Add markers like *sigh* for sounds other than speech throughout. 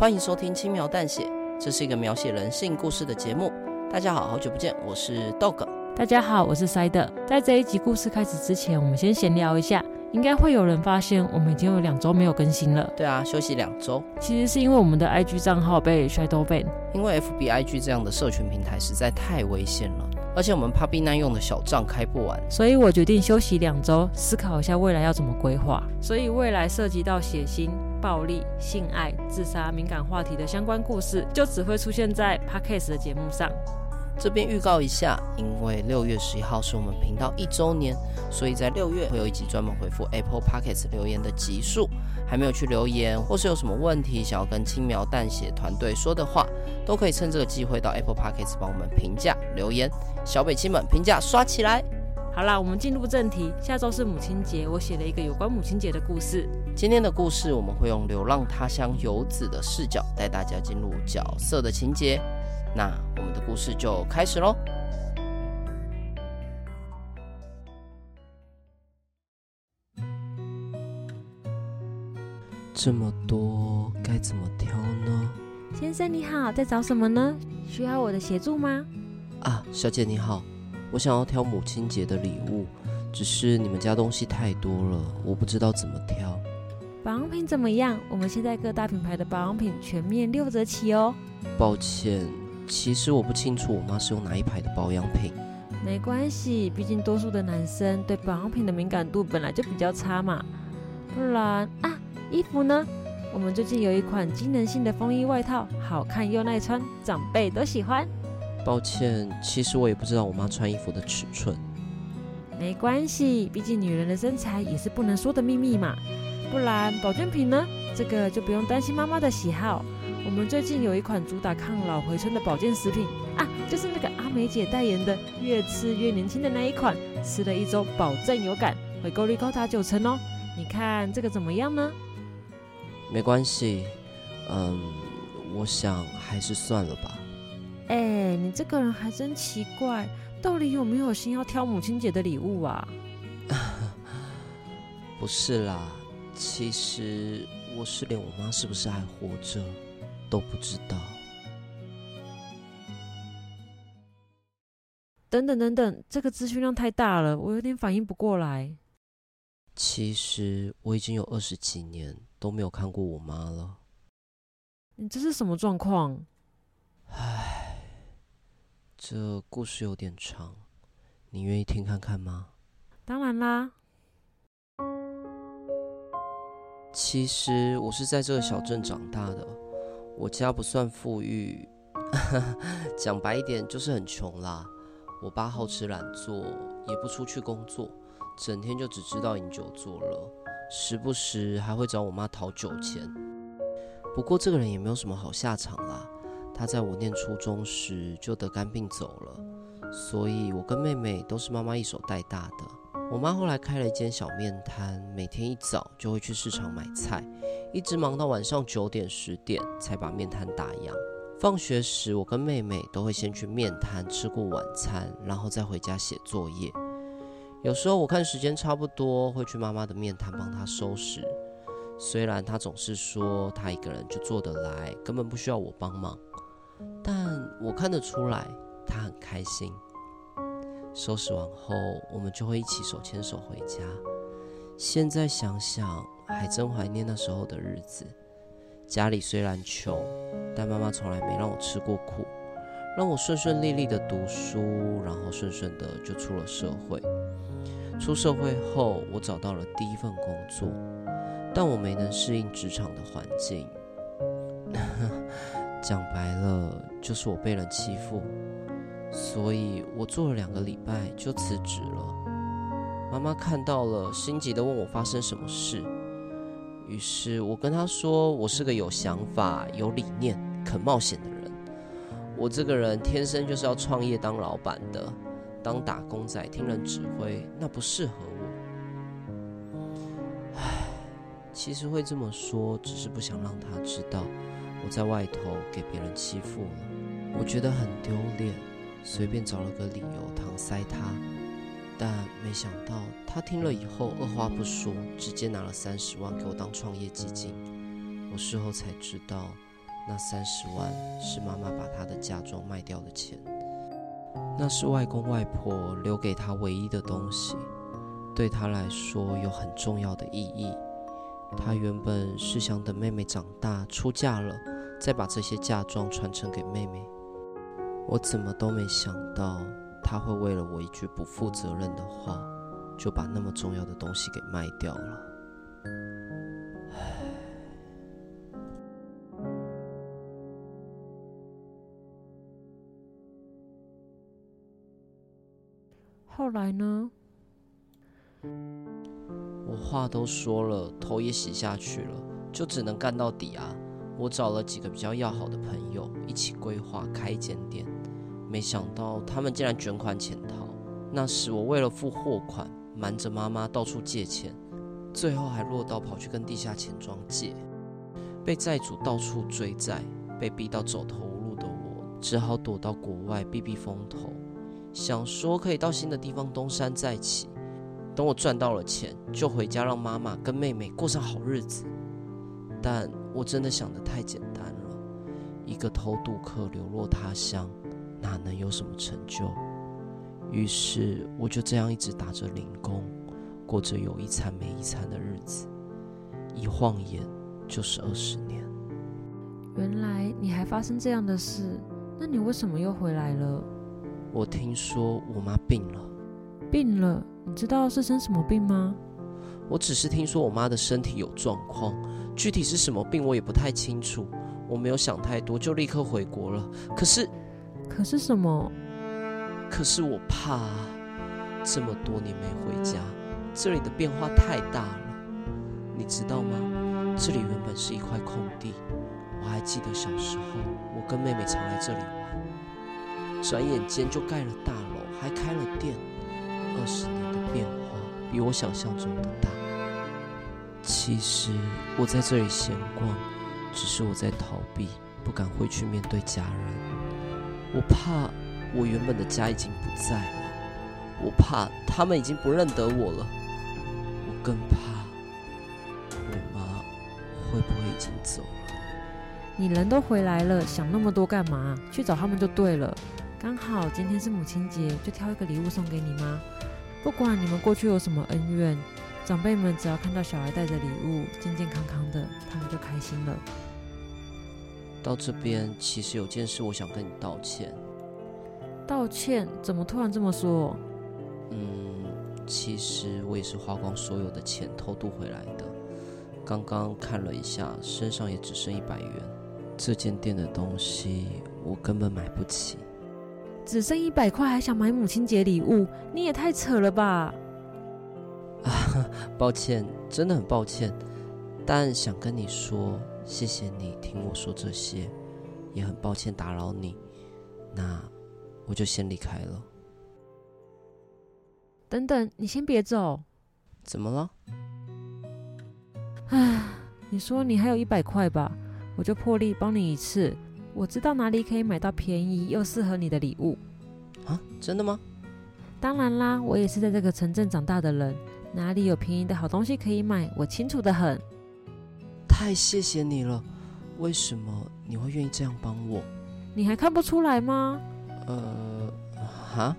歡迎收聽輕描淡血，這是一個描寫人性故事的節目。大家好，好久不見，我是 Dog。大家好，我是 Cider。在這一集故事開始之前，我們先閒聊一下。應該會有人發現，我們已經有兩周沒有更新了。對啊，休息兩周。其實是因為我們的 IG 賬號被 shadowban。因為 FBIG 這樣的社群平台實在太危險了。而且我們怕被 ban 用的小賬開不完，所以我決定休息兩周，思考一下未來要怎麼規劃。所以未來涉及到血腥、暴力、性愛、自殺、敏感話題的相關故事，就只會出現在 Podcast 的節目上。這邊預告一下，因為六月十一號是我們頻道一周年，所以在六月會有一集專門回復 Apple Podcast 留言的集數。還沒有去留言，或是有什麼問題想要跟輕描淡寫團隊說的話，都可以趁這個機會到 Apple Podcast 幫我們評價。留言，小北親們評價刷起來！好啦，我們進入正題。下周是母親節，我寫了一個有關母親節的故事。今天的故事，我們會用流浪他鄉游子的視角，帶大家進入角色的情節。那我們的故事就開始嘍。這麼多，該怎麼挑呢？先生你好，在找什麼呢？需要我的協助嗎？啊，小姐你好，我想要挑母親節的禮物，只是你們家東西太多了，我不知道怎麼挑。保養品怎麼樣？我們現在各大品牌的保養品全面六折起哦。抱歉，其實我不清楚我媽是用哪一牌的保養品。沒關係，畢竟多數的男生對保養品的敏感度本來就比較差嘛。不然啊，衣服呢？我們最近有一款機能性的風衣外套，好看又耐穿，長輩都喜歡。抱歉，其實我也不知道我媽穿衣服的尺寸。沒關係，畢竟女人的身材也是不能說的秘密嘛。不然，保健品呢？這個就不用擔心媽媽的喜好。我們最近有一款主打抗老回春的保健食品啊，就是那個阿梅姐代言的，越吃越年輕的那一款，吃了一周保證有感，回購率高達九成哦。你看這個怎麼樣呢？沒關係，嗯，我想還是算了吧。哎、欸，你這個人還真奇怪，到底有沒有心要挑母親節的禮物啊？ *laughs* 不是啦，其實我是連我媽是不是還活着都不知道。等等等等，這個資訊量太大了，我有點反應不過來。其實我已經有二十幾年都沒有看過我媽了。你這是什麼狀況？這故事有點長，你願意聽看看嗎？當然啦。其實我是在這個小鎮長大的，我家不算富裕， *laughs* 講白一點就是很窮啦。我爸好吃懶做，也不出去工作，整天就只知道飲酒作樂，時不時還會找我媽討酒錢。不過這個人也沒有什麼好下場啦。他在我念初中時就得肝病走了，所以我跟妹妹都是媽媽一手帶大的。我媽後來開了一間小麵攤，每天一早就會去市場買菜，一直忙到晚上九點十點才把面攤打烊。放學時，我跟妹妹都會先去面攤吃過晚餐，然後再回家寫作業。有時候我看時間差不多，會去媽媽的麵攤幫她收拾。雖然她總是說她一個人就做得來，根本不需要我幫忙。我看得出來，他很開心。收拾完後，我們就會一起手牽手回家。現在想想，還真懷念那時候的日子。家裡雖然窮，但媽媽從來沒讓我吃過苦，讓我順順利利地讀書，然後順順地就出了社會。出社會後，我找到了第一份工作，但我沒能適應職場的環境。 *laughs* 講白了，就是我被人欺負，所以我做了兩個禮拜就辭職了。媽媽看到了，心急地問我發生什麼事，於是我跟她說，我是個有想法、有理念、肯冒險的人。我這個人天生就是要創業當老板的，當打工仔聽人指揮那不適合我。唉，其實會這麼說，只是不想讓她知道。我在外頭給別人欺負了，我覺得很丟臉，隨便找了個理由搪塞他。但沒想到他聽了以後，二話不說，直接拿了三十萬給我當創業基金。我事後才知道，那三十萬是媽媽把她的嫁妝賣掉的錢，那是外公外婆留給她唯一的東西，對她來說有很重要的意義。她原本是想等妹妹長大出嫁了。再把這些嫁妝傳承給妹妹，我怎麼都沒想到，她會為了我一句不負責任的話，就把那麼重要的東西給賣掉了。唉。後來呢？我話都說了，頭也洗下去了，就只能幹到底啊。我找了幾個比較要好的朋友一起規劃開一間店，沒想到他們竟然捲款潛逃。那時我為了付貨款，瞞着媽媽到處借錢，最後還落到跑去跟地下錢莊借，被債主到處追債，被逼到走投無路的我，只好躲到國外避避風頭，想說可以到新的地方東山再起。等我賺到了錢，就回家讓媽媽跟妹妹過上好日子。但我真的想得太簡單了，一個偷渡客流落他鄉，哪能有什麼成就？於是我就這樣一直打着零工，過着有一餐沒一餐的日子，一晃眼就是二十年。原來你還發生這樣的事，那你為什麼又回來了？我聽說我媽病了，病了，你知道是生什麼病嗎？我只是聽說我媽的身體有狀況。具體是什麼病我也不太清楚，我沒有想太多，就立刻回國了。可是，可是什麼？可是我怕，這麼多年沒回家，這裡的變化太大了，你知道嗎？這裡原本是一塊空地，我還記得小時候，我跟妹妹常來這裡玩。轉眼間就蓋了大樓，還開了店。二十年的變化比我想象中的大。其實我在這裡閒逛，只是我在逃避，不敢回去面對家人。我怕我原本的家已經不在了，我怕他們已經不認得我了，我更怕我媽會不會已經走了。你人都回來了，想那麼多幹嘛？去找他們就對了。剛好今天是母親節，就挑一個禮物送給你媽。不管你們過去有什麼恩怨，長輩們只要看到小孩帶着禮物、健健康康的，他們就開心了。到這邊其實有件事我想跟你道歉。道歉？怎麼突然這麼說？嗯，其實我也是花光所有的錢偷渡回來的。剛剛看了一下，身上也只剩一百元。這間店的東西我根本買不起。只剩一百塊還想買母親節禮物，你也太扯了吧！ *laughs* 抱歉，真的很抱歉，但想跟你說，謝謝你聽我說這些，也很抱歉打擾你。那我就先離開了。等等，你先別走。怎麼了？唉，你說你還有一百塊吧，我就破例幫你一次。我知道哪裡可以買到便宜又適合你的禮物。啊，真的嗎？當然啦，我也是在這個城鎮長大的人。哪裡有便宜的好東西可以買，我清楚得很。太謝謝你了，為什麼你會願意這樣幫我？你還看不出來嗎？呃，哈？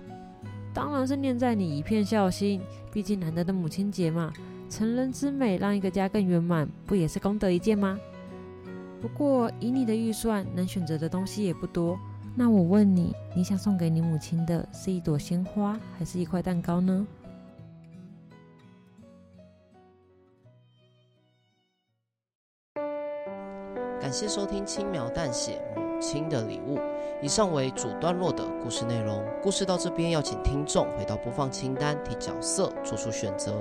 當然是念在你一片孝心，畢竟難得的母親節嘛，成人之美，讓一個家更圓滿，不也是功德一件嗎？不過以你的預算，能選擇的東西也不多。那我問你，你想送給你母親的是一朵鮮花，還是一塊蛋糕呢？感謝收聽輕描淡血母親的禮物。以上為主段落的故事內容。故事到這邊，要請聽眾回到播放清單，替角色做出選擇。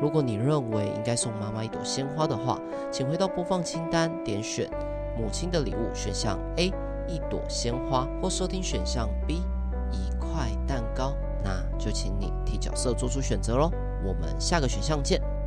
如果你認為應該送媽媽一朵鮮花的話，請回到播放清單，點選母親的禮物選項 A 一朵鮮花，或收聽選項 B 一塊蛋糕。那就請你替角色做出選擇咯。我們下個選項見。